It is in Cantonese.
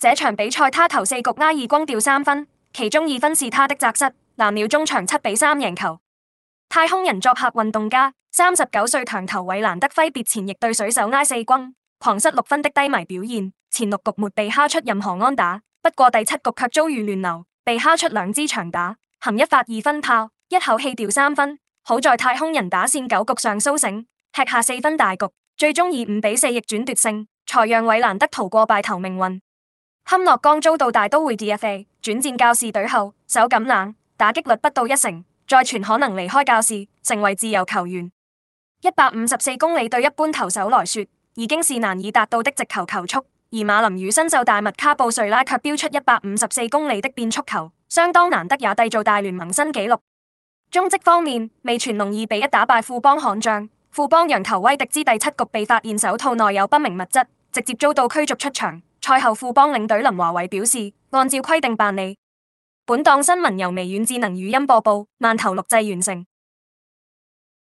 這場比賽他投四局挨二轟掉三分，其中二分是他的責失。藍鳥中場七比三贏球。太空人作客運動家，三十九歲強投韋蘭德揮別前役對水手挨四轟狂失六分的低迷表現，前六局沒被敲出任何安打，不過第七局卻遭遇亂流，被敲出兩支長打，含一發二分炮，一口氣掉三分。好在太空人打線九局上蘇醒，吃下四分大局，最終以五比四逆轉奪勝，才讓韋蘭德逃過敗投命運。坎諾剛遭到大都會 DFA 轉戰教士隊後手感冷，打擊率不到一成，再傳可能離開教士，成為自由球員。一百五十四公里對一般球手來說，已經是難以達到的直球球速，而馬林魚新秀大麥卡布瑞拉卻飆出一百五十四公里的變速球，相當難得，也締造大聯盟新紀錄。中職方面，未全龍二比一打敗富邦悍將，富邦洋投威迪之第七局被發現手套內有不明物質，直接遭到驅逐出場。賽後，富邦領隊林華偉表示，按照規定辦理。本檔新聞由微軟智能語音播報，慢頭錄製完成。